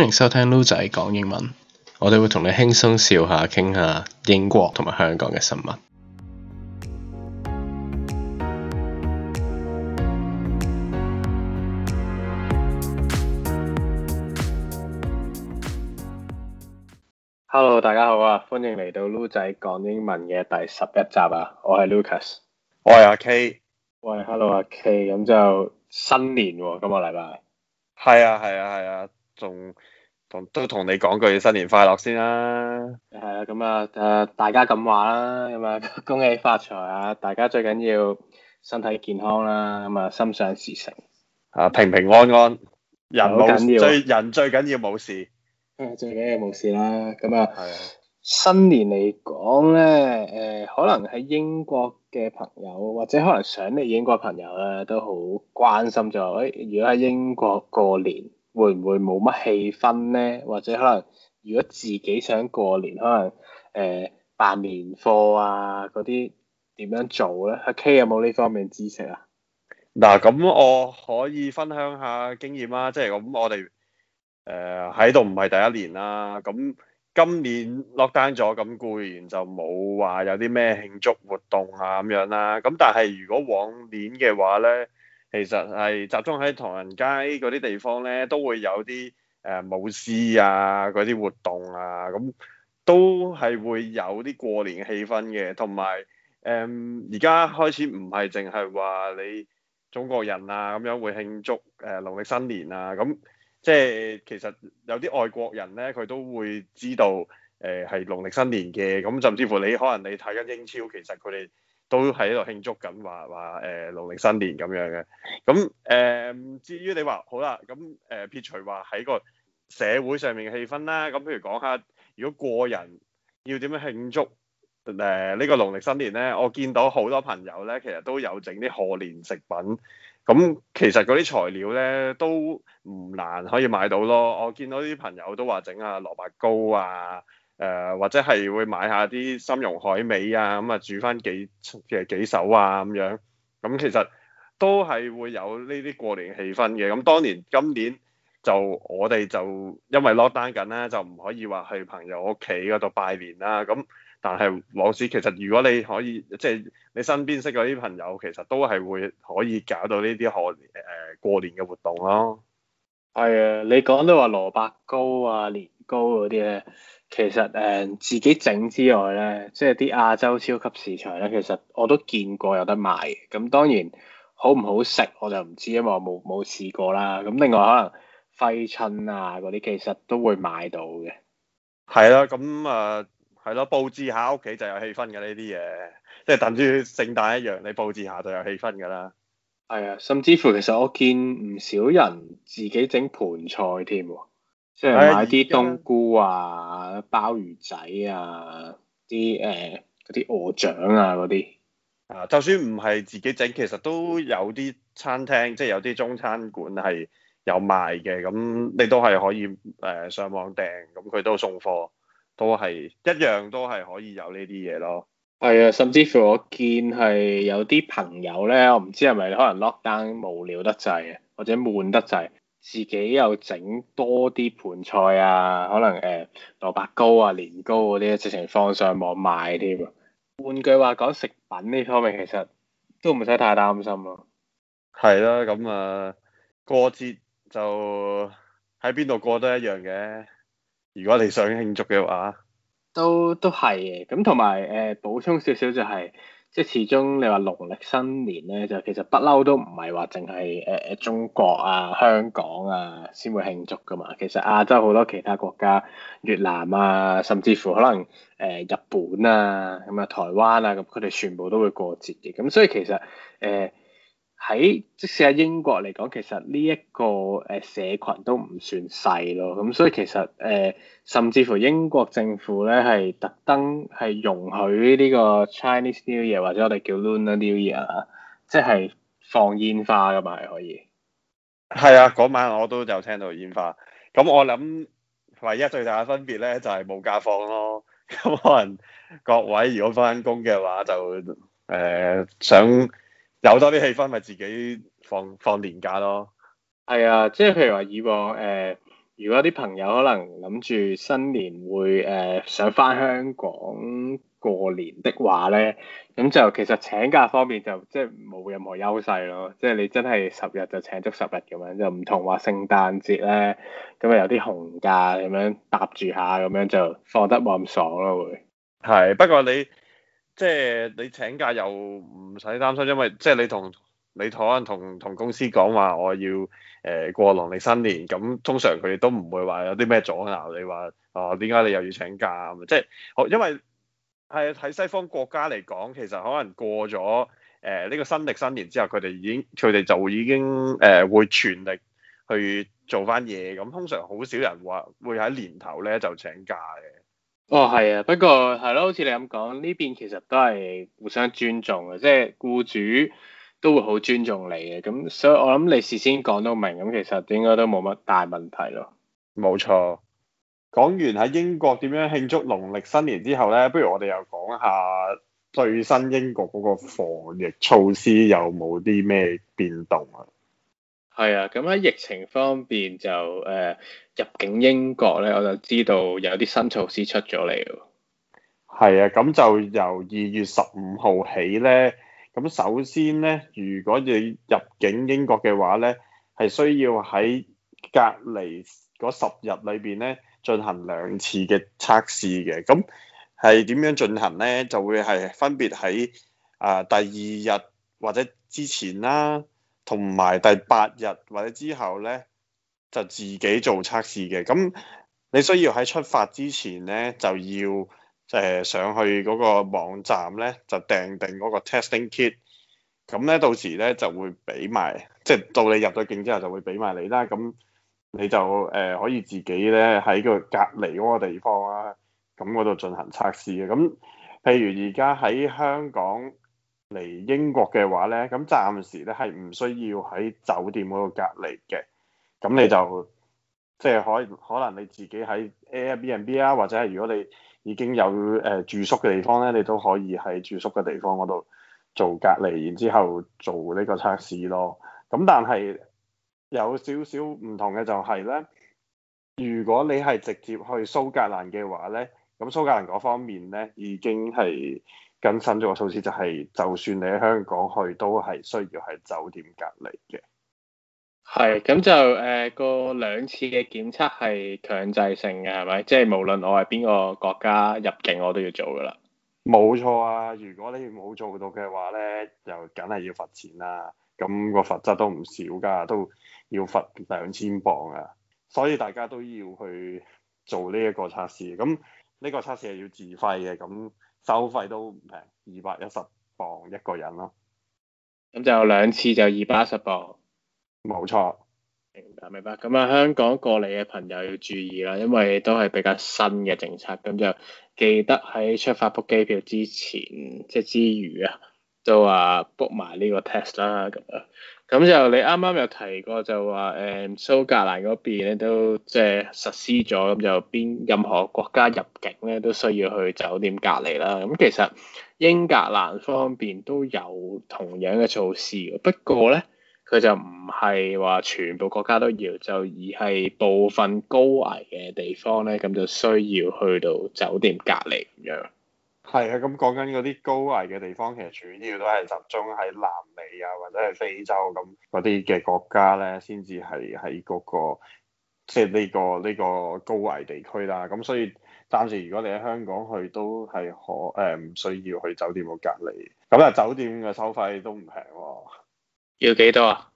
歡迎收聽盧仔講英文，我哋會同你輕鬆笑下、傾下英國同埋香港嘅新聞。Hello，大家好啊！歡迎嚟到盧仔講英文嘅第十一集啊！我係 Lucas，我係阿 K，喂，Hello，阿 K，咁就新年喎，哦，今個禮拜係啊，係啊，係啊。仲同都同你講句新年快樂先啦，係、啊、啦，咁啊誒大家咁話啦，咁啊恭喜發財啊，大家最緊要身體健康啦、啊，咁啊心想事成啊，平平安安，人冇最人最緊要冇事，啊、最緊要冇事啦，咁啊、嗯嗯、新年嚟講咧誒，可能喺英國嘅朋友或者可能想你英國朋友咧，都好關心咗。誒，如果喺英國過年，會唔會冇乜氣氛呢？或者可能，如果自己想過年，可能誒、呃、辦年貨啊嗰啲點樣做呢？阿 K 有冇呢方面知識啊？嗱，咁我可以分享下經驗啦、啊，即係咁我哋誒喺度唔係第一年啦、啊，咁今年 lockdown 咗，咁固然就冇話有啲咩慶祝活動啊咁樣啦、啊。咁但係如果往年嘅話呢，其實係集中喺唐人街嗰啲地方咧，都會有啲誒舞獅啊，嗰啲活動啊，咁、嗯、都係會有啲過年氣氛嘅。同埋誒，而、嗯、家開始唔係淨係話你中國人啊，咁樣會慶祝誒農曆新年啊。咁、嗯、即係其實有啲外國人咧，佢都會知道誒係、呃、農曆新年嘅。咁、嗯、甚至乎你可能你睇緊英超，其實佢哋都喺度慶祝緊，話話誒農曆新年咁樣嘅。咁誒、呃、至於你話好啦，咁誒撇除話喺個社會上面嘅氣氛啦，咁譬如講下如果個人要點樣慶祝誒呢、呃呢個農曆新年咧，我見到好多朋友咧，其實都有整啲賀年食品。咁其實嗰啲材料咧都唔難可以買到咯。我見到啲朋友都話整下蘿蔔糕啊。誒、呃、或者係會買一下啲參茸海味啊，咁啊煮翻幾嘅幾手啊咁樣，咁其實都係會有呢啲過年氣氛嘅。咁當年今年就我哋就因為 lockdown 緊啦，就唔可以話去朋友屋企嗰度拜年啦。咁但係往時其實如果你可以，即、就、係、是、你身邊識嗰啲朋友，其實都係會可以搞到呢啲過年誒、呃、過年嘅活動咯。係啊，你講到話蘿蔔糕啊、年糕嗰啲咧。其實誒、呃，自己整之外咧，即係啲亞洲超級市場咧，其實我都見過有得賣。咁當然，好唔好食我就唔知，因為我冇冇試過啦。咁另外可能，揮春啊嗰啲，其實都會買到嘅。係啦，咁啊，係咯、呃啊，布置下屋企就有氣氛嘅呢啲嘢，即係、就是、等於聖誕一樣，你布置下就有氣氛噶啦。係啊，甚至乎，其實我見唔少人自己整盆菜添。即係買啲冬菇啊、鮑魚仔啊、啲誒嗰啲鵝掌啊嗰啲。啊，就算唔係自己整，其實都有啲餐廳，即係有啲中餐館係有賣嘅。咁你都係可以誒、呃、上網訂，咁佢都送貨，都係一樣，都係可以有呢啲嘢咯。係啊，甚至乎我見係有啲朋友咧，我唔知係咪可能 lockdown 無聊得滯啊，或者悶得滯。自己又整多啲盤菜啊，可能誒、呃、蘿蔔糕啊、年糕嗰、啊、啲，直情放上網賣添。換句話講，食品呢方面其實都唔使太擔心咯、啊。係啦，咁、嗯、啊過節就喺邊度過都一樣嘅。如果你想慶祝嘅話，都都係嘅。咁同埋誒，補充少少就係、是。即係始終你話農曆新年咧，就其實不嬲都唔係話淨係誒誒中國啊、香港啊先會慶祝㗎嘛，其實亞洲好多其他國家，越南啊，甚至乎可能誒、呃、日本啊，咁啊台灣啊，咁佢哋全部都會過節嘅，咁所以其實誒。呃喺即使喺英國嚟講，其實呢一個誒社群都唔算細咯，咁所以其實誒、呃，甚至乎英國政府咧係特登係容許呢個 Chinese New Year 或者我哋叫 Lunar New Year 啊，即係放煙花㗎嘛，係可以。係啊，嗰晚我都有聽到煙花，咁我諗唯一最大嘅分別咧就係冇假放咯，咁可能各位如果返工嘅話就誒、呃、想。有多啲氣氛，咪自己放放年假咯。係啊，即係譬如話以往誒、呃，如果啲朋友可能諗住新年會誒上翻香港過年的話咧，咁就其實請假方面就即係冇任何優勢咯。即係你真係十日就請足十日咁樣，就唔同話聖誕節咧，咁啊有啲紅假咁樣搭住下咁樣就放得冇咁爽咯、啊、會。係，不過你。即係你請假又唔使擔心，因為即係你同你可能同同公司講話，我要誒過農曆新年，咁通常佢哋都唔會話有啲咩阻礙你話哦點解你又要請假咁？即係好因為係喺西方國家嚟講，其實可能過咗誒呢個新曆新年之後，佢哋已經佢哋就已經誒、呃、會全力去做翻嘢，咁通常好少人話會喺年頭咧就請假嘅。哦，係啊，不過係咯，好似你咁講，呢邊其實都係互相尊重嘅，即係僱主都會好尊重你嘅，咁所以我諗你事先講到明，咁其實應該都冇乜大問題咯。冇錯。講完喺英國點樣慶祝農曆新年之後咧，不如我哋又講下最新英國嗰個防疫措施有冇啲咩變動啊？係啊，咁喺疫情方面就誒、呃、入境英國咧，我就知道有啲新措施出咗嚟。係啊，咁就由二月十五號起咧，咁首先咧，如果你入境英國嘅話咧，係需要喺隔離嗰十日裏邊咧，進行兩次嘅測試嘅。咁係點樣進行咧？就會係分別喺啊、呃、第二日或者之前啦。同埋第八日或者之後咧，就自己做測試嘅。咁你需要喺出發之前咧，就要誒、呃、上去嗰個網站咧，就訂定嗰個 testing kit。咁咧到時咧就會俾埋，即係到你入咗境之後就會俾埋你啦。咁你就誒、呃、可以自己咧喺個隔離嗰個地方啊，咁嗰度進行測試嘅。咁譬如而家喺香港，嚟英國嘅話咧，咁暫時咧係唔需要喺酒店嗰度隔離嘅，咁你就即係、就是、可可能你自己喺 Airbnb 啊，或者係如果你已經有誒、呃、住宿嘅地方咧，你都可以喺住宿嘅地方嗰度做隔離，然之後做呢個測試咯。咁但係有少少唔同嘅就係咧，如果你係直接去蘇格蘭嘅話咧，咁蘇格蘭嗰方面咧已經係。更新咗個措施，就係就算你喺香港去，都係需要喺酒店隔離嘅。係，咁就誒個、呃、兩次嘅檢測係強制性嘅，係咪？即係無論我係邊個國家入境，我都要做㗎啦。冇錯啊！如果你冇做到嘅話咧，又梗係要罰錢啦。咁、嗰個罰則都唔少㗎，都要罰兩千鎊啊。所以大家都要去做呢一個測試。咁呢個測試係要自費嘅。咁收費都唔平，二百一十磅一個人咯。咁就兩次就二百一十磅，冇錯。明白，明白。咁啊，香港過嚟嘅朋友要注意啦，因為都係比較新嘅政策，咁就記得喺出發 book 機票之前，即係之餘啊，都話 book 埋呢個 test 啦，咁樣。咁就你啱啱有提過就，就話誒蘇格蘭嗰邊咧都即係實施咗，咁就邊任何國家入境咧都需要去酒店隔離啦。咁其實英格蘭方邊都有同樣嘅措施，不過咧，佢就唔係話全部國家都要，就而係部分高危嘅地方咧，咁就需要去到酒店隔離咁樣。係啊，咁講緊嗰啲高危嘅地方，其實主要都係集中喺南美啊，或者係非洲咁嗰啲嘅國家咧，先至係喺嗰個即係呢個呢個高危地區啦。咁所以暫時如果你喺香港去都係可誒，唔需要去酒店個隔離。咁啊，酒店嘅收費都唔平喎。要幾多啊？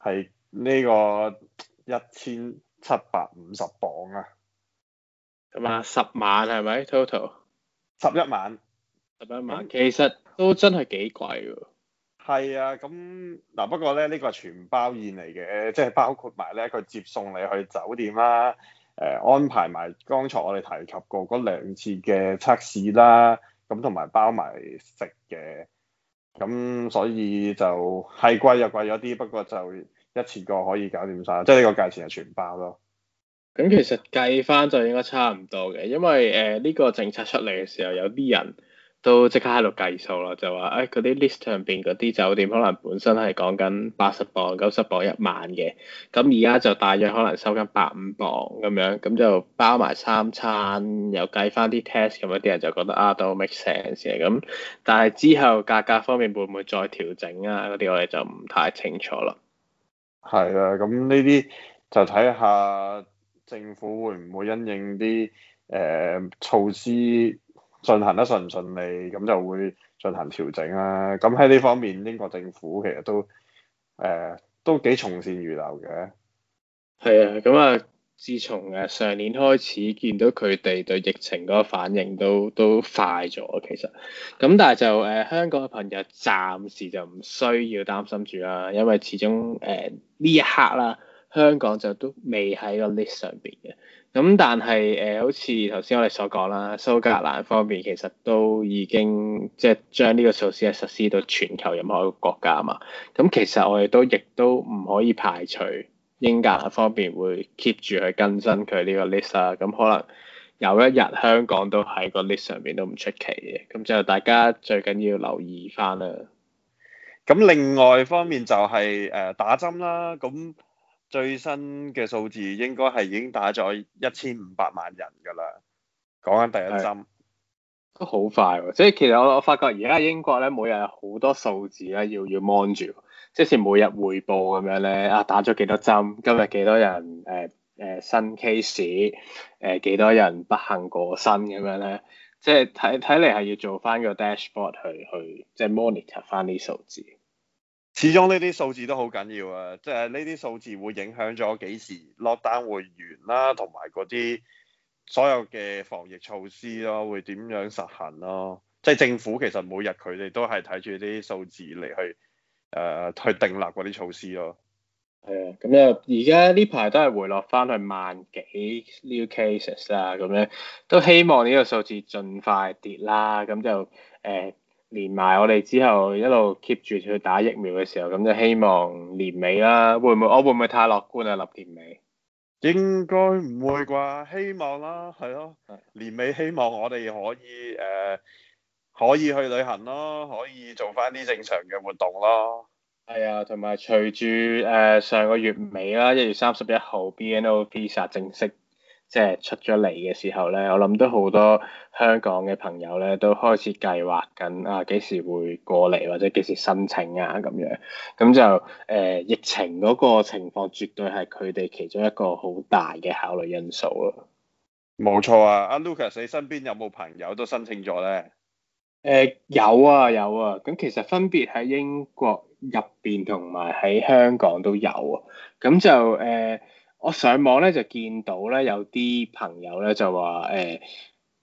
係呢個一千七百五十磅啊。咁啊，十萬係咪 total？十一萬，十一萬，其實都真係幾貴喎。係啊，咁嗱不過咧，呢、這個係全包宴嚟嘅，即、就、係、是、包括埋咧佢接送你去酒店啦、啊，誒、呃、安排埋剛才我哋提及過嗰兩次嘅測試啦、啊，咁同埋包埋食嘅，咁所以就係貴又貴咗啲，不過就一次過可以搞掂晒，即係呢個價錢係全包咯。咁其實計翻就應該差唔多嘅，因為誒呢、呃呢個政策出嚟嘅時候，有啲人都即刻喺度計數啦，就話誒嗰啲 list 上邊嗰啲酒店可能本身係講緊八十磅、九十磅一晚嘅，咁而家就大約可能收緊百五磅咁樣，咁就包埋三餐，又計翻啲 test 咁樣，啲人就覺得啊都 make sense 嘅，咁但係之後價格方面會唔會再調整啊？嗰啲我哋就唔太清楚咯。係啦，咁呢啲就睇下。政府會唔會因應啲誒、呃、措施進行得順唔順利，咁就會進行調整啦、啊。咁喺呢方面，英國政府其實都誒、呃、都幾從善如流嘅。係啊，咁啊、啊，自從誒、啊、上年開始，見到佢哋對疫情嗰個反應都都快咗，其實，咁但係就誒、呃、香港嘅朋友暫時就唔需要擔心住啦、啊，因為始終誒呢、呃、一刻啦。香港就都未喺個 list 上邊嘅，咁但係誒、呃、好似頭先我哋所講啦，蘇格蘭方面其實都已經即係將呢個措施係實施到全球任何一個國家啊嘛。咁其實我哋都亦都唔可以排除英格蘭方面會 keep 住去更新佢呢個 list 啦、啊。咁可能有一日香港都喺個 list 上邊都唔出奇嘅。咁就大家最緊要留意翻。啦。咁另外方面就係、是、誒、呃、打針啦，咁。最新嘅數字應該係已經打咗一千五百萬人㗎啦，講緊第一針都好快喎、啊。所以其實我我發覺而家英國咧每日有好多數字咧要要 mon 住，即係每日匯報咁樣咧啊打咗幾多針，今日幾多人誒誒、呃呃、新 case，誒幾多人不幸過身咁樣咧。即係睇睇嚟係要做翻個 dashboard 去去，去即係 monitor 翻啲數字。始終呢啲數字都好緊要啊，即係呢啲數字會影響咗幾時 lockdown 會完啦，同埋嗰啲所有嘅防疫措施咯，會點樣實行咯？即、就、係、是、政府其實每日佢哋都係睇住啲數字嚟，去誒、呃、去定立嗰啲措施咯。係啊、嗯，咁又而家呢排都係回落翻去萬幾 new cases 啦，咁、嗯、咧都希望呢個數字盡快跌啦，咁就誒。呃連埋我哋之後一路 keep 住去打疫苗嘅時候，咁就希望年尾啦。會唔會我會唔會太樂觀啊？立年尾應該唔會啩，希望啦，係咯。年尾希望我哋可以誒可以去旅行咯，可以做翻啲正常嘅活動咯。係啊，同埋隨住誒上個月尾啦，一月三十一號 BNO visa 正式。即係出咗嚟嘅時候咧，我諗都好多香港嘅朋友咧都開始計劃緊啊，幾時會過嚟或者幾時申請啊咁樣，咁就誒、呃、疫情嗰個情況絕對係佢哋其中一個好大嘅考慮因素咯。冇錯啊，阿 Lucas，你身邊有冇朋友都申請咗咧？誒有啊有啊，咁、啊、其實分別喺英國入邊同埋喺香港都有啊，咁就誒。呃我上網咧就見到咧有啲朋友咧就話誒、呃、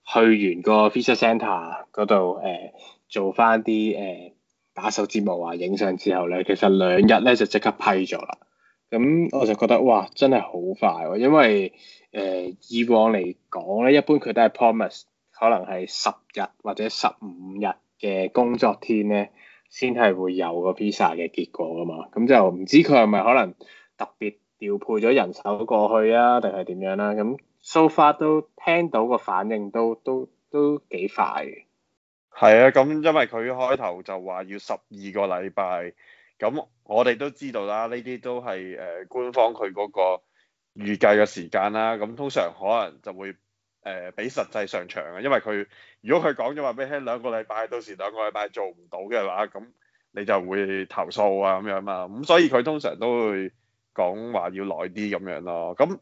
去完個 Visa Centre 嗰度誒、呃、做翻啲誒打手指模啊影相之後咧，其實兩日咧就即刻批咗啦。咁我就覺得哇，真係好快喎、啊！因為誒、呃、以往嚟講咧，一般佢都係 promise 可能係十日或者十五日嘅工作天咧，先係會有個 Visa 嘅結果㗎嘛。咁就唔知佢係咪可能特別調配咗人手過去啊，定係點樣啦、啊？咁 so far 都聽到個反應都都都幾快嘅。係啊，咁因為佢開頭就話要十二個禮拜，咁我哋都知道啦，呢啲都係誒、呃、官方佢嗰個預計嘅時間啦。咁通常可能就會誒、呃、比實際上長嘅，因為佢如果佢講咗話俾你聽兩個禮拜，到時兩個禮拜做唔到嘅話，咁你就會投訴啊咁樣啊。咁所以佢通常都會。講話要耐啲咁樣咯，咁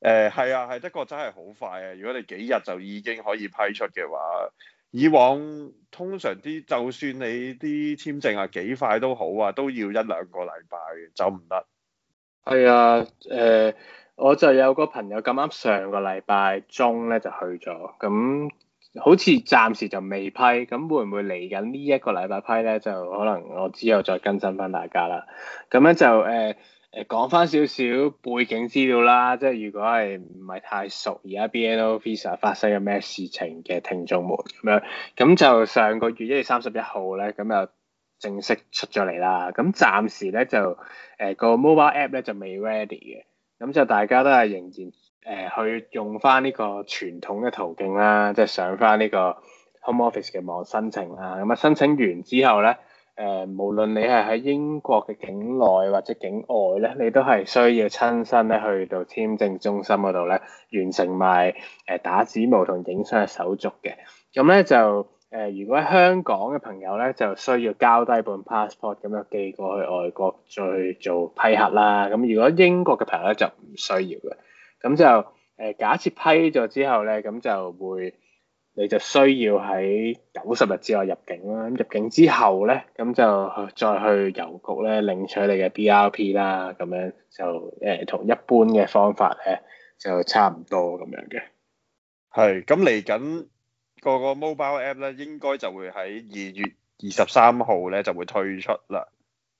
誒係啊係，的確真係好快啊！如果你幾日就已經可以批出嘅話，以往通常啲就算你啲簽證啊幾快都好啊，都要一兩個禮拜走唔得。係啊，誒、呃、我就有個朋友咁啱上個禮拜中咧就去咗，咁好似暫時就未批，咁會唔會嚟緊呢一個禮拜批咧？就可能我之後再更新翻大家啦。咁樣就誒。呃誒講翻少少背景資料啦，即係如果係唔係太熟，而家 BNO visa 發生咗咩事情嘅聽眾們咁樣，咁就上個月一月三十一號咧，咁又正式出咗嚟啦。咁暫時咧就誒、呃那個 mobile app 咧就未 ready 嘅，咁就大家都係仍然誒、呃、去用翻呢個傳統嘅途徑啦，即、就、係、是、上翻呢個 home office 嘅網申請啊。咁啊申請完之後咧。誒、呃，無論你係喺英國嘅境內或者境外咧，你都係需要親身咧去到簽證中心嗰度咧，完成埋誒、呃、打指模同影相嘅手續嘅。咁咧就誒、呃，如果香港嘅朋友咧就需要交低本 passport 咁樣寄過去外國再做批核啦。咁如果英國嘅朋友咧就唔需要嘅。咁就誒、呃，假設批咗之後咧，咁就會。你就需要喺九十日之內入境啦，咁入境之後咧，咁就再去郵局咧領取你嘅 BRP 啦，咁樣就誒同、呃、一般嘅方法咧就差唔多咁樣嘅。係，咁嚟緊個個 mobile app 咧，應該就會喺二月二十三號咧就會推出啦。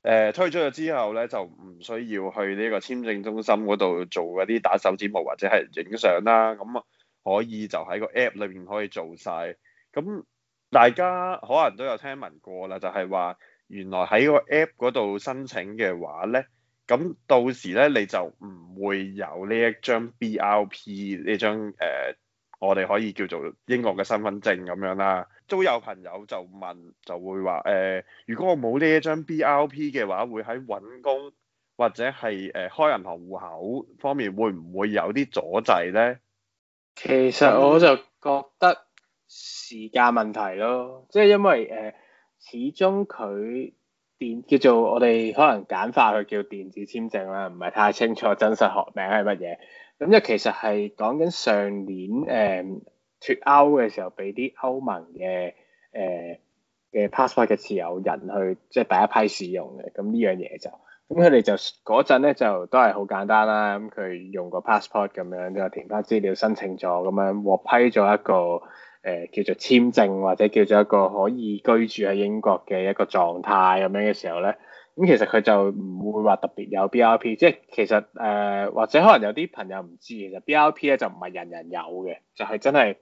誒、呃、推出咗之後咧，就唔需要去呢個簽證中心嗰度做嗰啲打手指模或者係影相啦，咁啊。可以就喺個 app 裏邊可以做晒。咁大家可能都有聽聞過啦，就係話原來喺個 app 嗰度申請嘅話咧，咁到時咧你就唔會有呢一張 BRP 呢張誒、呃，我哋可以叫做英國嘅身份證咁樣啦。都有朋友就問，就會話誒、呃，如果我冇呢一張 BRP 嘅話，會喺揾工或者係誒、呃、開銀行戶口方面會唔會有啲阻滯咧？其實我就覺得時間問題咯，即係因為誒、呃、始終佢電叫做我哋可能簡化佢叫電子簽證啦，唔係太清楚真實學名係乜嘢。咁、嗯、即其實係講緊上年誒、呃、脫歐嘅時候歐，俾、呃、啲歐盟嘅誒嘅 passport 嘅持有人去，即係第一批使用嘅。咁呢樣嘢就～咁佢哋就嗰陣咧，就都係好簡單啦。咁佢用個 passport 咁樣，就填翻資料申請咗，咁樣獲批咗一個誒、呃、叫做簽證，或者叫做一個可以居住喺英國嘅一個狀態咁樣嘅時候咧，咁、嗯、其實佢就唔會話特別有 B R P 即。即係其實誒、呃，或者可能有啲朋友唔知，其實 B R P 咧就唔係人人有嘅，就係、係、真係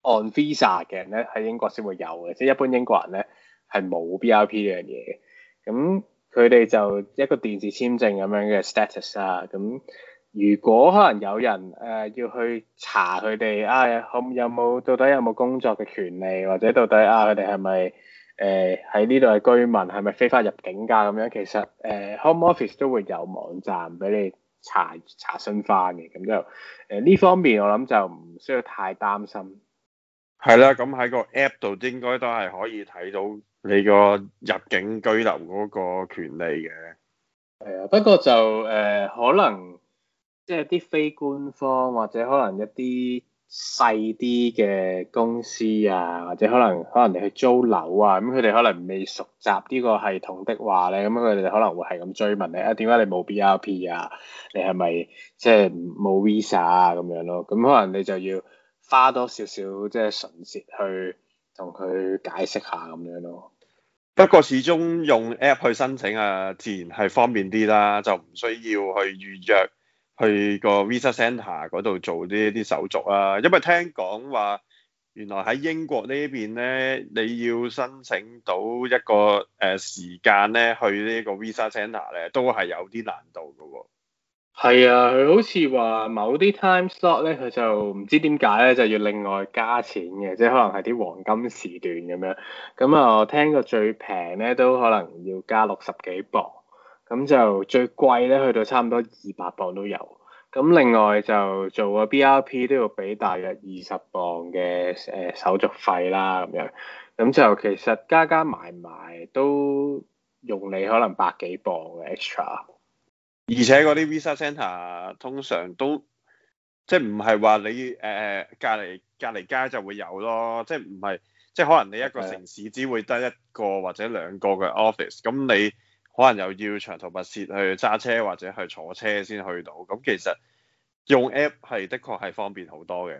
on visa 嘅人咧，喺英國先會有嘅，即係一般英國人咧係冇 B R P 呢樣嘢嘅咁佢哋就一個電子簽證咁樣嘅 status 啊，咁如果可能有人誒、呃、要去查佢哋啊，可有冇到底有冇工作嘅權利，或者到底啊佢哋係咪誒喺呢度嘅居民，係咪非法入境㗎、啊、咁樣？其實誒、呃、Home Office 都會有網站俾你查查詢翻嘅，咁就誒呢、呃、方面我諗就唔需要太擔心。係啦，咁喺個 app 度應該都係可以睇到。你個入境居留嗰個權利嘅，係啊，不過就誒、呃、可能，即係啲非官方或者可能一啲細啲嘅公司啊，或者可能可能你去租樓啊，咁佢哋可能未熟習呢個系統的話咧，咁佢哋可能會係咁追問你啊，點解你冇 BRP 啊？你係咪即係冇 Visa 啊？咁樣咯，咁、嗯、可能你就要花多少少即係唇舌去。同佢解釋下咁樣咯。不過始終用 app 去申請啊，自然係方便啲啦，就唔需要去預約去個 visa center 嗰度做呢啲手續啊。因為聽講話，原來喺英國呢邊咧，你要申請到一個誒時間咧，去呢個 visa center 咧，都係有啲難度噶喎。係啊，佢好似話某啲 time slot 咧，佢就唔知點解咧，就要另外加錢嘅，即係可能係啲黃金時段咁樣。咁啊，我聽過最平咧都可能要加六十幾磅，咁就最貴咧去到差唔多二百磅都有。咁另外就做個 BRP 都要俾大約二十磅嘅誒、呃、手續費啦咁樣。咁就其實加加埋埋都用你可能百幾磅嘅 extra。而且嗰啲 Visa Centre 通常都即係唔係話你誒誒、呃、隔籬隔籬街就會有咯，即係唔係即係可能你一個城市只會得一個或者兩個嘅 office，咁的你可能又要長途跋涉去揸車或者去坐車先去到，咁其實用 app 係的確係方便好多嘅。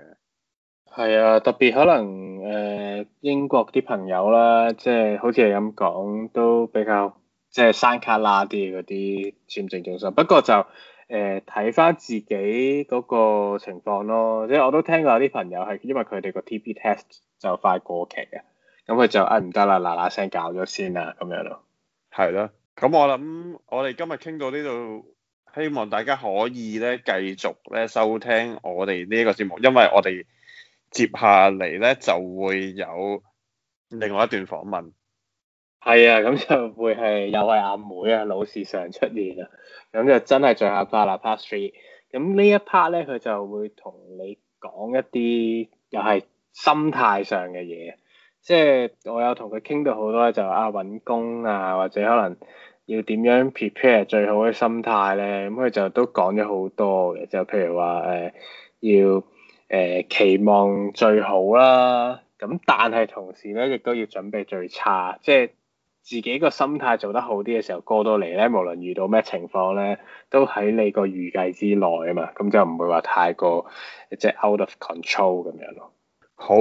係啊，特別可能誒、呃、英國啲朋友啦，即、就、係、是、好似係咁講都比較即係山卡拉啲嗰啲簽證中心，不過就誒睇翻自己嗰個情況咯。即係我都聽過有啲朋友係因為佢哋個 TP test 就快過期啊，咁佢就呃，唔得啦，嗱嗱聲搞咗先啊，咁樣咯。係咯，咁我諗我哋今日傾到呢度，希望大家可以咧繼續咧收聽我哋呢個節目，因為我哋接下嚟咧就會有另外一段訪問。係啊，咁就會係有個阿妹、 就是、啊，老時常出現啊，咁就真係最後 part 啦，part three。咁呢一 part 咧，佢就會同你講一啲又係心態上嘅嘢。即係我有同佢傾到好多就啊揾工啊，或者可能要點樣 prepare 最好嘅心態咧，咁佢就都講咗好多嘅。就譬如話誒、呃、要誒、呃、期望最好啦、啊，咁但係同時咧亦都要準備最差，即係。自己個心態做得好啲嘅時候過到嚟咧，無論遇到咩情況咧，都喺你個預計之內啊嘛，咁就唔會話太過即 out of control 咁樣咯。好，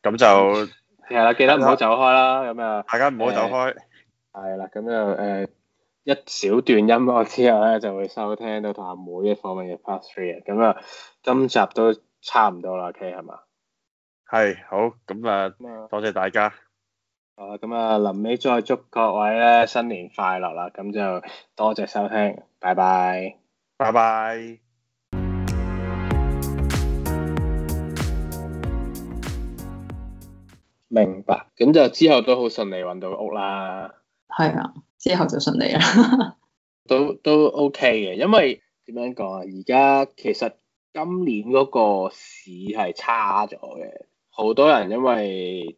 咁就係啦， 記得唔好走開啦。咁啊，大家唔好就走開。係啦、呃，咁就誒、呃、一小段音樂之後咧，就會收聽到同阿妹嘅方面嘅 part three 啊。咁啊，今集都差唔多啦，OK 係咪？係、okay，好，咁啊，多謝大家。哦，咁啊，臨尾再祝各位咧新年快樂啦！咁就多謝收聽，拜拜，拜拜。明白，咁就之後都好順利揾到屋啦。係啊，之後就順利啊。都都 OK 嘅，因為點樣講啊？而家其實今年嗰個市係差咗嘅，好多人因為。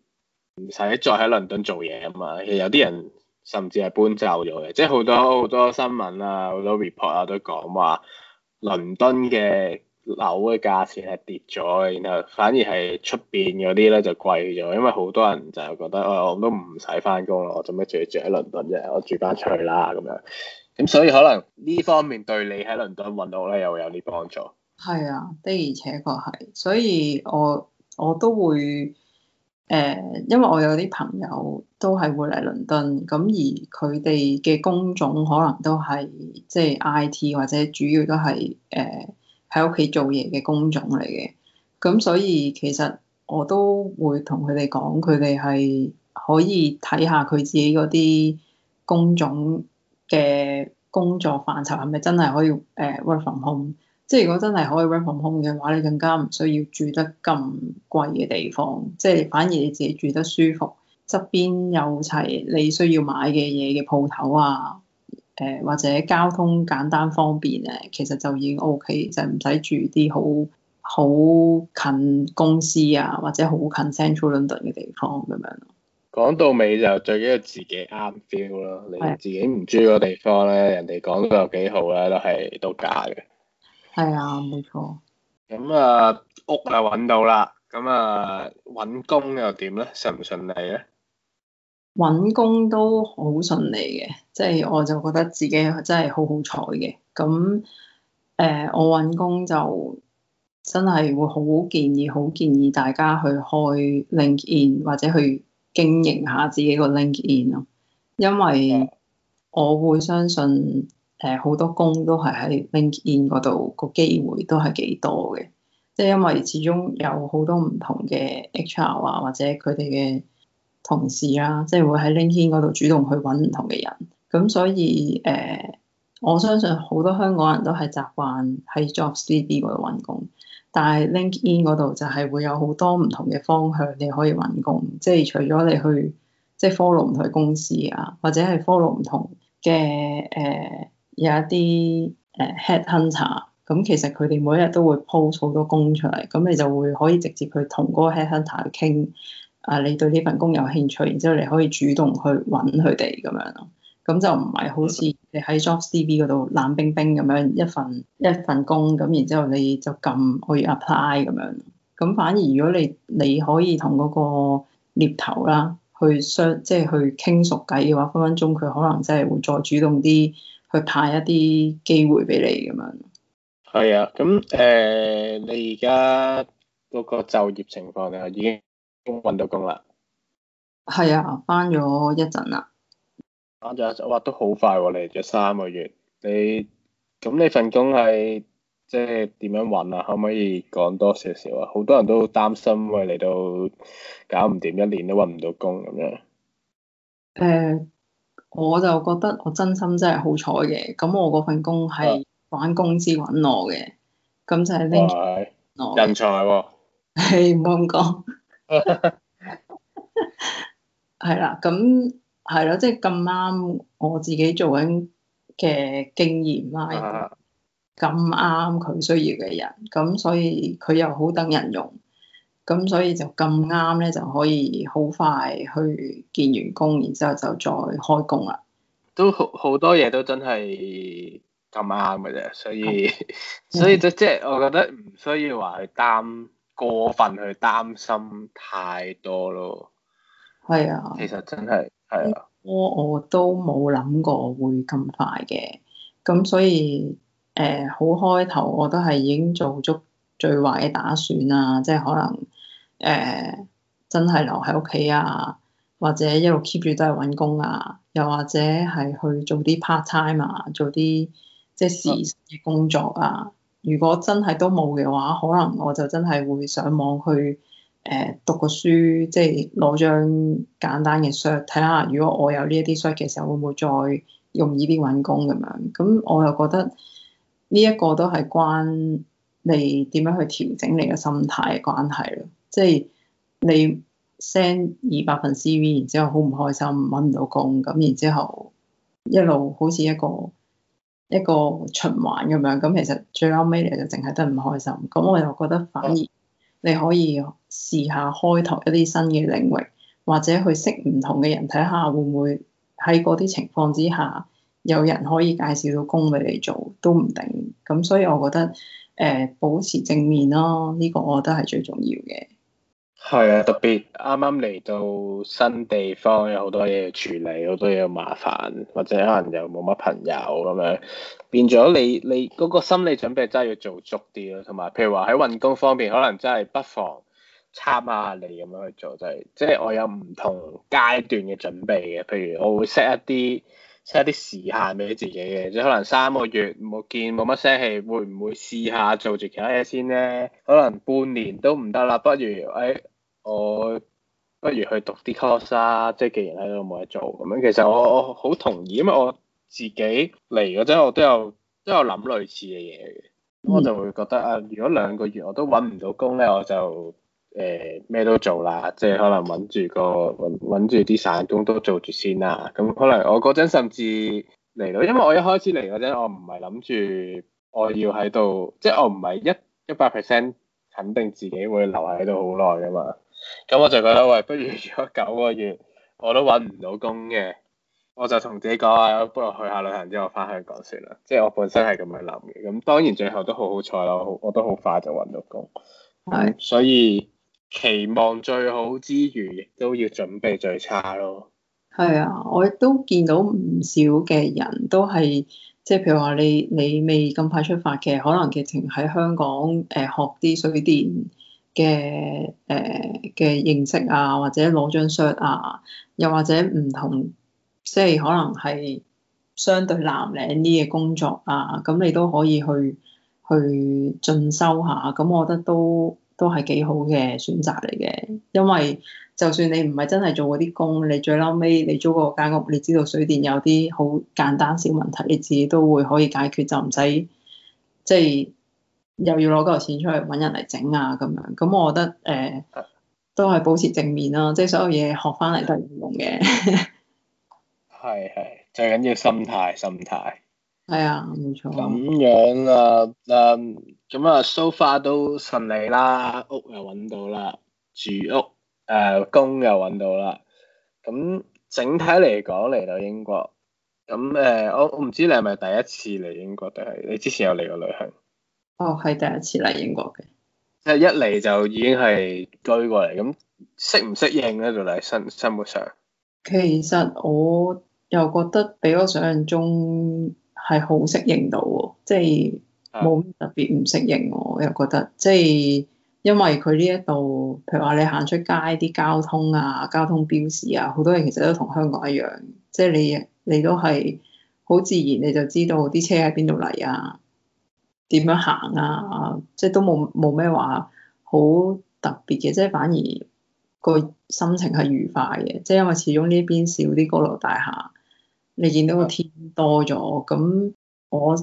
唔使再喺倫敦做嘢啊嘛，其實有啲人甚至係搬走咗嘅，即係好多好多新聞啊，好多 report 啊都講話倫敦嘅樓嘅價錢係跌咗，然後反而係出邊嗰啲咧就貴咗，因為好多人就覺得，哦、哎，我都唔使翻工咯，我做咩住？住喺倫敦啫？我住翻出去啦咁樣，咁所以可能呢方面對你喺倫敦揾屋咧又有啲幫助。係啊，的而且確係，所以我我都會。誒，因為我有啲朋友都係會嚟倫敦，咁而佢哋嘅工種可能都係即係、就是、IT 或者主要都係誒喺屋企做嘢嘅工種嚟嘅，咁所以其實我都會同佢哋講，佢哋係可以睇下佢自己嗰啲工種嘅工作範疇係咪真係可以誒、uh, work from home。即係如果真係可以 work from home 嘅話，你更加唔需要住得咁貴嘅地方，即係反而你自己住得舒服，側邊有齊你需要買嘅嘢嘅鋪頭啊，誒或者交通簡單方便咧，其實就已經 OK，就唔使住啲好好近公司啊或者好近 Central London 嘅地方咁樣。講到尾就最緊要自己啱 feel 咯，你自己唔中意個地方咧，的人哋講到有幾好咧，都係都假嘅。係啊，冇錯。咁啊，屋就啊搵到啦，咁啊搵工又點咧？順唔順利咧？搵工都好順利嘅，即係我就覺得自己真係好好彩嘅。咁誒，呃，我搵工就真係會好建議，好建議大家去開 LinkedIn 或者去經營下自己個 LinkedIn 咯，因為我會相信。誒好多工都係喺 LinkedIn 嗰度，個機會都係幾多嘅，即係因為始終有好多唔同嘅 HR 啊，或者佢哋嘅同事啊，即係會喺 LinkedIn 嗰度主動去揾唔同嘅人，咁所以誒、呃，我相信好多香港人都係習慣喺 JobStreet 嗰度揾工，但係 LinkedIn 嗰度就係會有好多唔同嘅方向你可以揾工，即係除咗你去即係 follow 唔同嘅公司啊，或者係 follow 唔同嘅誒。呃有一啲誒 headhunter，咁其實佢哋每一日都會 post 好多工出嚟，咁你就會可以直接去同嗰個 headhunter 傾啊，你對呢份工有興趣，然之後你可以主動去揾佢哋咁樣咯。咁就唔係好似你喺 job CV 嗰度冷冰冰咁樣一份一份工，咁然之後你就撳去 apply 咁樣。咁反而如果你你可以同嗰個獵頭啦去相即係去傾熟偈嘅話，分分鐘佢可能真係會再主動啲。去派一啲機會俾你咁樣。係啊，咁誒、呃，你而家嗰個就業情況啊，已經揾到工啦。係啊，返咗一陣啦。返咗一陣，哇！都好快喎，嚟咗三個月。你咁你份工係即係點樣揾啊？可唔可以講多少少啊？好多人都擔心喂，嚟到搞唔掂，一年都揾唔到工咁樣。誒、呃。我就覺得我真心真係好彩嘅，咁我嗰份工係揾工資揾我嘅，咁就係拎人，人才喎、啊，唔、 係、好咁講，係啦，咁係咯，即係咁啱我自己做緊嘅經驗啦，咁啱佢需要嘅人，咁所以佢又好等人用。咁所以就咁啱咧，就可以好快去見完工，然之後就再開工啦。都好好多嘢都真係咁啱嘅啫，所以所以就即係、就是、我覺得唔需要話去擔過分去擔心太多咯。係啊的，其實真係係啊，我都、呃、我都冇諗過會咁快嘅，咁所以誒好開頭我都係已經做足最壞嘅打算喇，即、就、係、是、可能。誒、呃、真係留喺屋企啊，或者一路 keep 住都係揾工啊，又或者係去做啲 part time 啊，做啲即係時嘅工作啊。如果真係都冇嘅話，可能我就真係會上網去誒、呃、讀個書，即係攞張簡單嘅 cert 睇下如果我有呢一啲 cert 嘅時候，會唔會再容易啲揾工咁樣？咁我又覺得呢一個都係關你點樣去調整你嘅心態嘅關係咯。即係你 send 二百份 CV，然之後好唔開心，揾唔到工咁，然之後一路好似一個一個循環咁樣。咁其實最後尾你就淨係得唔開心。咁我又覺得反而你可以試下開拓一啲新嘅領域，或者去識唔同嘅人，睇下會唔會喺嗰啲情況之下有人可以介紹到工畀你做都唔定。咁所以我覺得誒、呃、保持正面咯，呢、這個我覺得係最重要嘅。係啊，特別啱啱嚟到新地方，有好多嘢要處理，好多嘢要麻煩，或者可能又冇乜朋友咁樣，變咗你你嗰個心理準備真係要做足啲咯，同埋譬如話喺運工方面，可能真係不妨參考下你咁樣去做就係，即係我有唔同階段嘅準備嘅，譬如我會 set 一啲。即係啲時限俾自己嘅，即可能三個月冇見冇乜聲氣，會唔會試下做住其他嘢先咧？可能半年都唔得啦，不如誒、哎、我不如去讀啲 course 啊！即係既然喺度冇得做咁樣，其實我我好同意，因為我自己嚟嗰陣，我都有都有諗類似嘅嘢嘅，咁、嗯、我就會覺得啊，如果兩個月我都揾唔到工咧，我就～誒咩都做啦，即係可能揾住個揾住啲散工都做住先啦。咁可能我嗰陣甚至嚟到，因為我一開始嚟嗰陣，我唔係諗住我要喺度，即係我唔係一一百 percent 肯定自己會留喺度好耐㗎嘛。咁我就覺得，喂，不如如果九個月我都揾唔到工嘅，我就同自己講啊，不如去下旅行之後返香港算啦。即係我本身係咁樣諗嘅。咁當然最後都好好彩啦，我都好快就揾到工。係的、嗯，所以。期望最好之餘，亦都要準備最差咯。係啊，我都見到唔少嘅人都係，即係譬如話你你未咁快出發嘅，其實可能劇情喺香港誒、呃、學啲水電嘅誒嘅認識啊，或者攞張 cert 啊，又或者唔同即係可能係相對藍領啲嘅工作啊，咁你都可以去去進修下，咁我覺得都。都係幾好嘅選擇嚟嘅，因為就算你唔係真係做嗰啲工，你最嬲尾你租個間屋，你知道水電有啲好簡單小問題，你自己都會可以解決，就唔使即係又要攞嗰嚿錢出去搵人嚟整啊咁樣。咁我覺得誒、呃，都係保持正面啦，即、就、係、是、所有嘢學翻嚟都係用嘅。係 係，最緊要心態，心態。係啊，冇錯。咁樣啊，誒，咁啊，so far 都順利啦，屋又搵到啦，住屋誒，工又搵到啦。咁整體嚟講，嚟到英國，咁誒，我我唔知你係咪第一次嚟英國定係你之前有嚟過旅行？哦，係第一次嚟英國嘅。即係一嚟就已經係居過嚟，咁適唔適應咧？到底新生活上？其實我又覺得比我想象中。係好適應到，即係冇特別唔適應。我又覺得，即係因為佢呢一度，譬如話你行出街啲交通啊、交通標示啊，好多嘢其實都同香港一樣，即係你你都係好自然你就知道啲車喺邊度嚟啊，點樣行啊，即係都冇冇咩話好特別嘅，即係反而個心情係愉快嘅，即係因為始終呢邊少啲高樓大廈。你見到個天多咗，咁我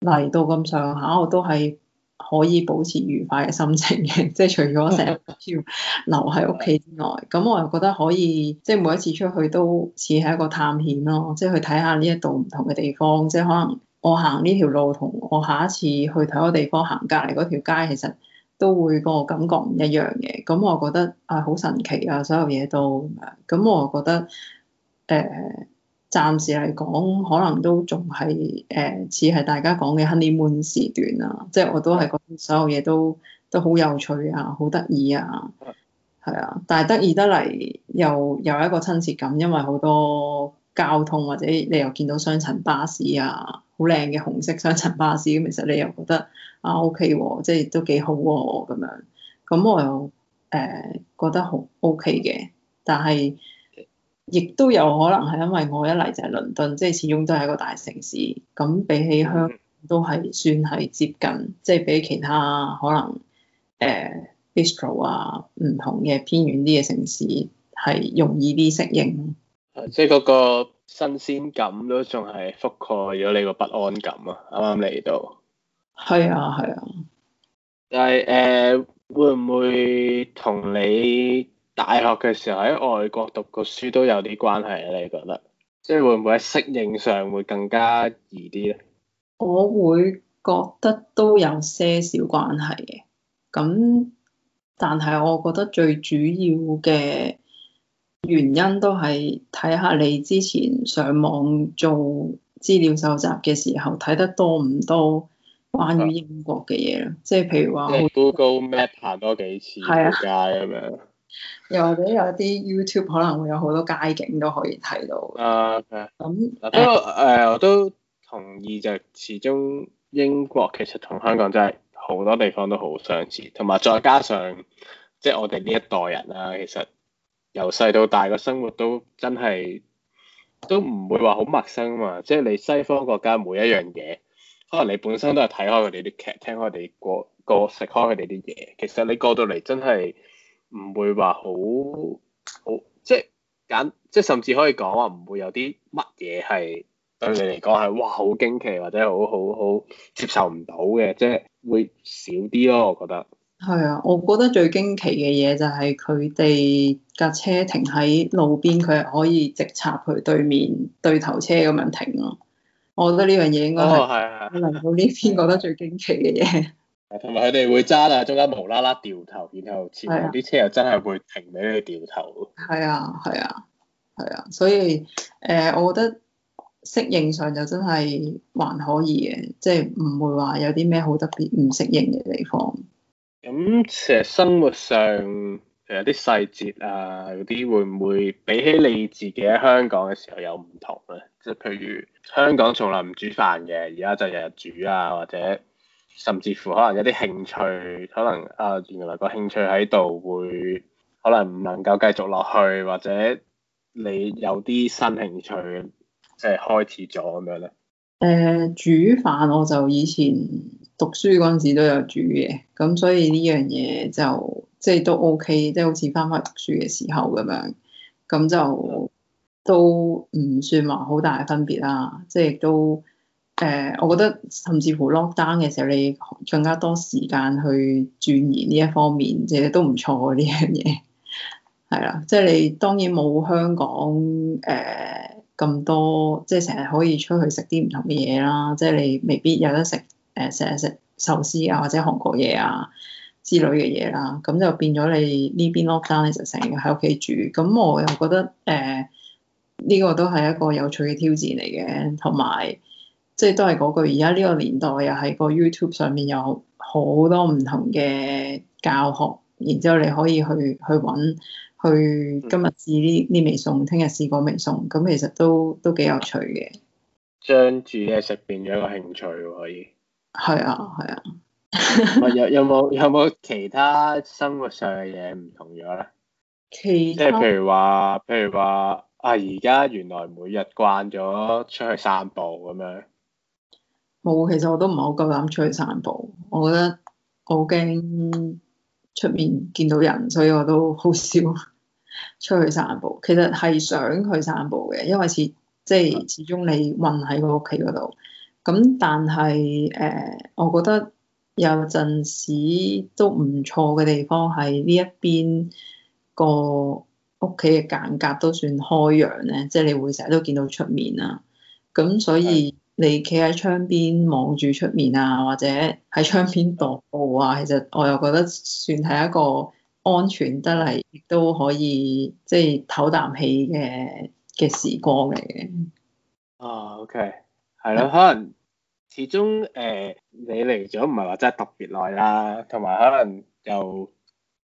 嚟到咁上下，我都係可以保持愉快嘅心情嘅，即係除咗成日要留喺屋企之外，咁我又覺得可以，即係每一次出去都似係一個探險咯，即係去睇下呢一度唔同嘅地方，即係可能我行呢條路同我下一次去睇個地方行隔籬嗰條街，其實都會個感覺唔一樣嘅。咁我覺得啊，好神奇啊，所有嘢都咁我又覺得誒。欸暫時嚟講，可能都仲係誒似係大家講嘅 Honeymoon 時段啊，即係我都係覺得所有嘢都都好有趣啊，好得意啊，係啊，但係得意得嚟又有一個親切感，因為好多交通或者你又見到雙層巴士啊，好靚嘅紅色雙層巴士，咁其實你又覺得啊 OK，即係都幾好喎咁樣，咁我又誒、呃、覺得好 O K 嘅，但係。亦都有可能係因為我一嚟就係倫敦，即係始終都係一個大城市，咁比起香港都係算係接近，即係比起其他可能誒 Bistro 啊唔同嘅偏遠啲嘅城市係容易啲適應。即係嗰個新鮮感都仲係覆蓋咗你個不安感剛剛啊！啱啱嚟到。係啊，係啊。但係誒，會唔會同你？大學嘅時候喺外國讀過書都有啲關係嘅、啊，你覺得即係會唔會喺適應上會更加易啲咧？我會覺得都有些少關係嘅，咁但係我覺得最主要嘅原因都係睇下你之前上網做資料搜集嘅時候睇得多唔多關於英國嘅嘢咯，啊、即係譬如話，Google Map 行多幾次條、啊、街咁樣。又或者有啲 YouTube 可能會有好多街景都可以睇到。啊、uh, okay. 那，咁不過誒，uh, 我都同意就始終英國其實同香港真係好多地方都好相似，同埋再加上即係、就是、我哋呢一代人啦、啊，其實由細到大個生活都真係都唔會話好陌生啊嘛。即、就、係、是、你西方國家每一樣嘢，可能你本身都係睇開佢哋啲劇，聽開佢哋歌，食開佢哋啲嘢。其實你過到嚟真係～唔會話好好，即係簡，即係甚至可以講話唔會有啲乜嘢係對你嚟講係哇好驚奇或者好好好接受唔到嘅，即係會少啲咯。我覺得係啊，我覺得最驚奇嘅嘢就係佢哋架車停喺路邊，佢係可以直插佢對面對頭車咁樣停咯。我覺得呢樣嘢應該係能、哦啊、到呢邊覺得最驚奇嘅嘢。同埋佢哋會揸，但中間無啦啦掉頭，然後前面啲車、啊、又真係會停喺佢掉頭。係啊，係啊，係啊，所以誒、呃，我覺得適應上就真係還可以嘅，即係唔會話有啲咩好特別唔適應嘅地方。咁、嗯、其實生活上誒啲細節啊，嗰啲會唔會比起你自己喺香港嘅時候有唔同呢？即、就、係、是、譬如香港從來唔煮飯嘅，而家就日日煮啊，或者。甚至乎可能有啲興趣，可能啊原來個興趣喺度會，可能唔能夠繼續落去，或者你有啲新興趣，即係開始咗咁樣咧。誒、呃、煮飯我就以前讀書嗰陣時都有煮嘅，咁所以呢樣嘢就即係、就是、都 OK，即係好似翻返讀書嘅時候咁樣，咁就都唔算話好大分別啦，即、就、係、是、都。誒，uh, 我覺得甚至乎 lockdown 嘅時候，你更加多時間去鑽研呢一方面，即係都唔錯呢樣嘢，係 啦， 即係你當然冇香港誒咁、uh, 多，即係成日可以出去食啲唔同嘅嘢啦，即係你未必有得食誒，成日食壽司啊或者韓國嘢啊之類嘅嘢啦，咁就變咗你呢邊 lockdown 咧就成日喺屋企煮，咁我又覺得誒呢、uh, 個都係一個有趣嘅挑戰嚟嘅，同埋。即係都係嗰句，而家呢個年代又係個 YouTube 上面有好多唔同嘅教學，然之後你可以去去揾去今日試呢呢味餸，聽日試嗰味餸，咁其實都都幾有趣嘅。將煮嘢食變咗一個興趣可以。係啊係啊。啊 有有冇有冇其他生活上嘅嘢唔同咗咧？其他即係譬如話，譬如話啊，而家原來每日慣咗出去散步咁樣。冇，其實我都唔係好夠膽出去散步，我覺得我好驚出面見到人，所以我都好少出去散步。其實係想去散步嘅，因為始即係始終你混喺個屋企嗰度，咁但係誒、呃，我覺得有陣時都唔錯嘅地方係呢一邊個屋企嘅間隔都算開陽開揚咧，即係你會成日都見到出面啦，咁所以。你企喺窗邊望住出面啊，或者喺窗邊踱步啊，其實我又覺得算係一個安全得嚟，亦都可以即係唞啖氣嘅嘅時光嚟嘅。啊、oh，OK，係咯，的可能始終誒、呃、你嚟咗唔係話真係特別耐啦，同埋可能又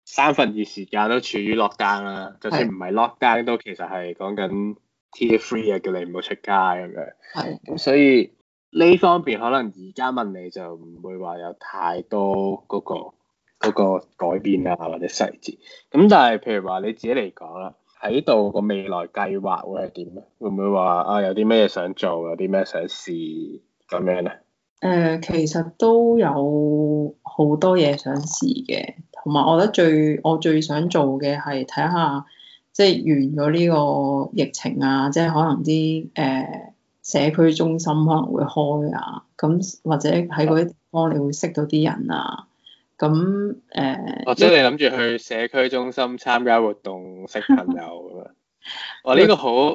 三分二時間都處於落 o c 啦，就算唔係落 o 都其實係講緊。T three 啊，叫你唔好出街咁樣，係咁是的 所以呢方面可能而家問你就唔會話有太多嗰、嗰個、嗰個改變啊或者細節，咁但係譬如話你自己嚟講啦，喺度個未來計劃會係點咧？會唔會話啊有啲咩嘢想做，有啲咩想試咁樣咧？誒、呃，其實都有好多嘢想試嘅，同埋我覺得最我最想做嘅係睇下。即係完咗呢個疫情啊，即係可能啲誒、呃、社區中心可能會開啊，咁或者喺嗰啲我哋會識到啲人啊，咁誒。或、呃、者、哦、你諗住去社區中心參加活動識朋友咁啊？哇、 哦！呢、這個好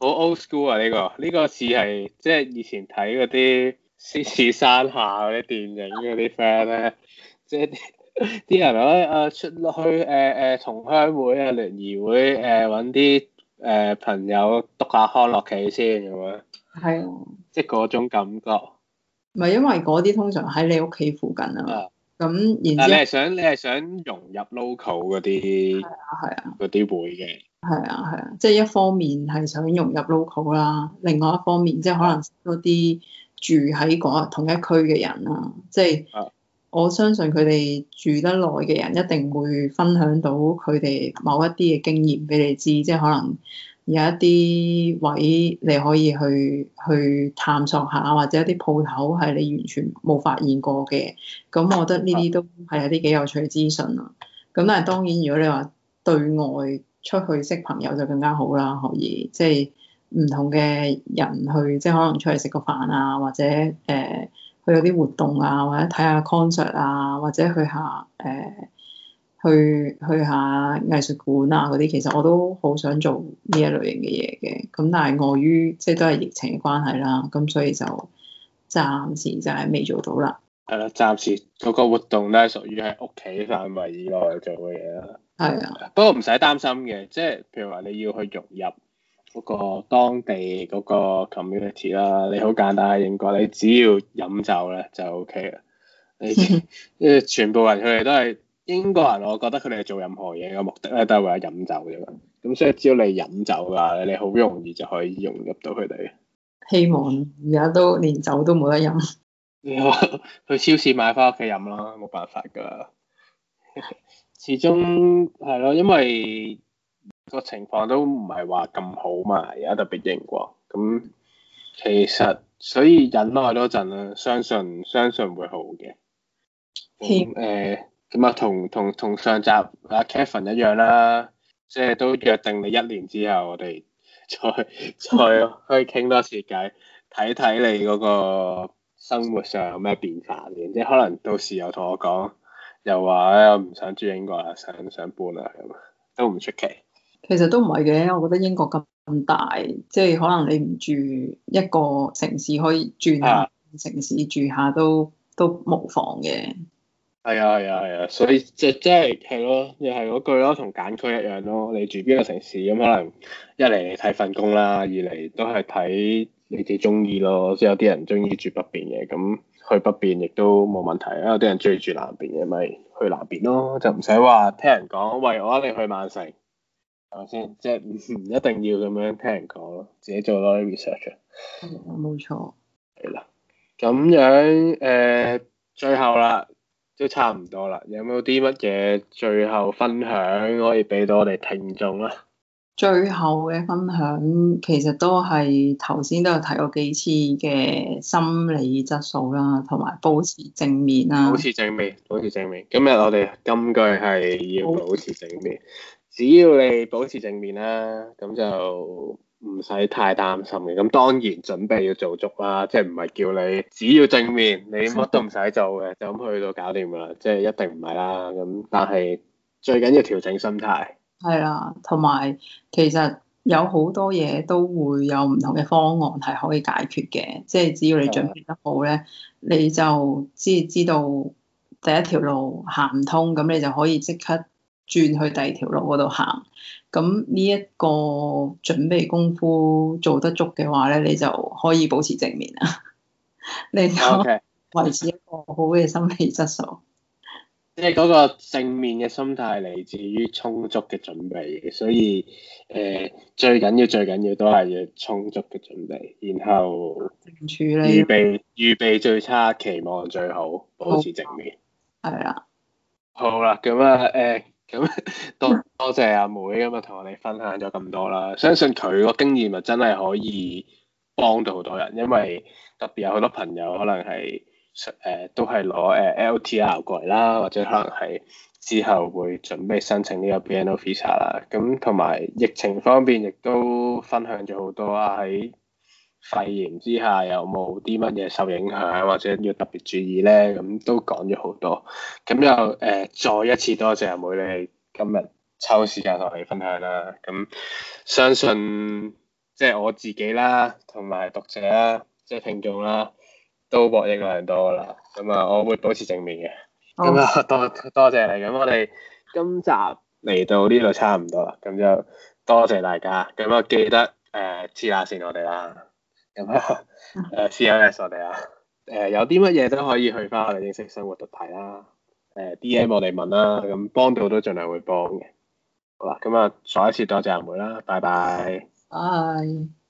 好 old school 啊！呢、這個呢、這個似係即係以前睇嗰啲《獅子山下》嗰啲電影嗰啲 friend 咧，即係。啲人啊，誒出落去誒誒同鄉會，會、呃呃、啊、聯誼會誒揾啲誒朋友篤下康樂棋先咁樣。係啊，即係嗰種感覺。唔係因為嗰啲通常喺你屋企附近啊嘛。咁然之後，你係想你係想融入 local 嗰啲。係啊係啊，嗰啲會嘅。係啊係啊，即係一方面係想融入 local 啦，另外一方面即係、就是、可能多啲住喺嗰同一區嘅人啦，即、就、係、是。啊。我相信佢哋住得耐嘅人一定會分享到佢哋某一啲嘅經驗俾你知，即係可能有一啲位你可以去去探索下，或者一啲鋪頭係你完全冇發現過嘅。咁我覺得呢啲都係有啲幾有趣嘅資訊啊。咁但係當然，如果你話對外出去識朋友就更加好啦，可以即係唔同嘅人去，即係可能出去食個飯啊，或者誒。Uh, 去有啲活動啊，或者睇下 concert 啊，或者去下誒、欸，去去下藝術館啊嗰啲，其實我都好想做呢一類型嘅嘢嘅，咁但係礙於即係都係疫情嘅關係啦，咁所以就暫時就係未做到啦。係啦，暫時嗰、呢個活動咧屬於喺屋企範圍以內做嘅嘢啦。係啊的，不過唔使擔心嘅，即係譬如話你要去融入。嗰個當地嗰個 community 啦，你好簡單嘅英國，你只要飲酒咧就 OK 啦。你，即誒，全部人佢哋都係英國人，我覺得佢哋做任何嘢嘅目的咧都係為咗飲酒啫嘛。咁所以只要你飲酒㗎，你好容易就可以融入到佢哋。希望而家都連酒都冇得飲。要 去超市買翻屋企飲啦，冇辦法㗎。 始終係咯，因為。個情況都唔係話咁好嘛，而家特別英國咁，其實所以忍耐多陣啦，相信相信會好嘅。添誒，咁啊，同同同上集阿 Kevin 一樣啦，即係都約定你一年之後我哋再再可以傾多次偈，睇睇你嗰個生活上有咩變化嘅，即係可能到時又同我講，又話誒唔想住英國啦，想想搬啊咁，都唔出奇。其實都唔係嘅，我覺得英國咁大，即係可能你唔住一個城市，可以轉下、啊、城市住下都都無妨嘅。係啊，係啊，係啊，所以即係係咯，又係嗰句咯，同揀區一樣咯。你住邊個城市咁可能一嚟你睇份工啦，二嚟都係睇你哋中意咯。即係有啲人中意住北邊嘅，咁去北邊亦都冇問題啊。有啲人中意住南邊嘅，咪去南邊咯，就唔使話聽人講喂，我一、啊、定去曼城。先？即係唔一定要咁樣聽人講咯，自己做多啲 research 冇錯。係啦錯，咁樣誒、呃，最後啦，都差唔多啦。有冇啲乜嘢最後分享可以俾到我哋聽眾啊？最後嘅分享其實都係頭先都有提過幾次嘅心理質素啦，同埋保持正面啦。保持正面，保持正面。今日我哋金句係要保持正面。只要你保持正面啦、啊，咁就唔使太擔心嘅。咁當然準備要做足啦、啊，即係唔係叫你只要正面，你乜都唔使做嘅，就咁去到搞掂噶啦。即係一定唔係啦。咁但係最緊要調整心態。係啦，同埋其實有好多嘢都會有唔同嘅方案係可以解決嘅。即係只要你準備得好咧，的你就知知道第一條路行唔通，咁你就可以即刻，轉去第二條路嗰度行，咁呢一個準備功夫做得足嘅話咧，你就可以保持正面啦。你講維持一個好嘅心理質素，即係嗰個正面嘅心態嚟自於充足嘅準備，所以誒、呃、最緊要最緊要都係要充足嘅準備，然後預備預備最差，期望最好，保持正面。係啊，好啦，咁啊誒。呃咁多 多謝阿妹咁啊，同我哋分享咗咁多啦，相信佢個經驗啊，真係可以幫到好多人，因為特別有好多朋友可能係誒、呃、都係攞誒 LTR 過嚟啦，或者可能係之後會準備申請呢個 BNO visa 啦，咁同埋疫情方面亦都分享咗好多啊喺，肺炎之下有冇啲乜嘢受影響或者要特別注意呢？咁都講咗好多，咁又誒、呃、再一次多謝阿妹，妹你今日抽時間同我哋分享啦。咁相信即係、就是、我自己啦，同埋讀者啦，即係聽眾啦，都獲益良多啦。咁啊，我會保持正面嘅。咁啊，多多謝你。咁我哋今集嚟到呢度差唔多啦。咁就多謝大家。咁啊，記得誒黐下先我哋啦。咁啊，誒 C S 我哋啊，誒、 嗯、有啲乜嘢都可以去翻我哋認識生活度睇啦，誒 D M 我哋問啦，咁幫到都盡量會幫嘅。好啦，咁啊，再一次多謝阿梅啦，拜拜。Bye.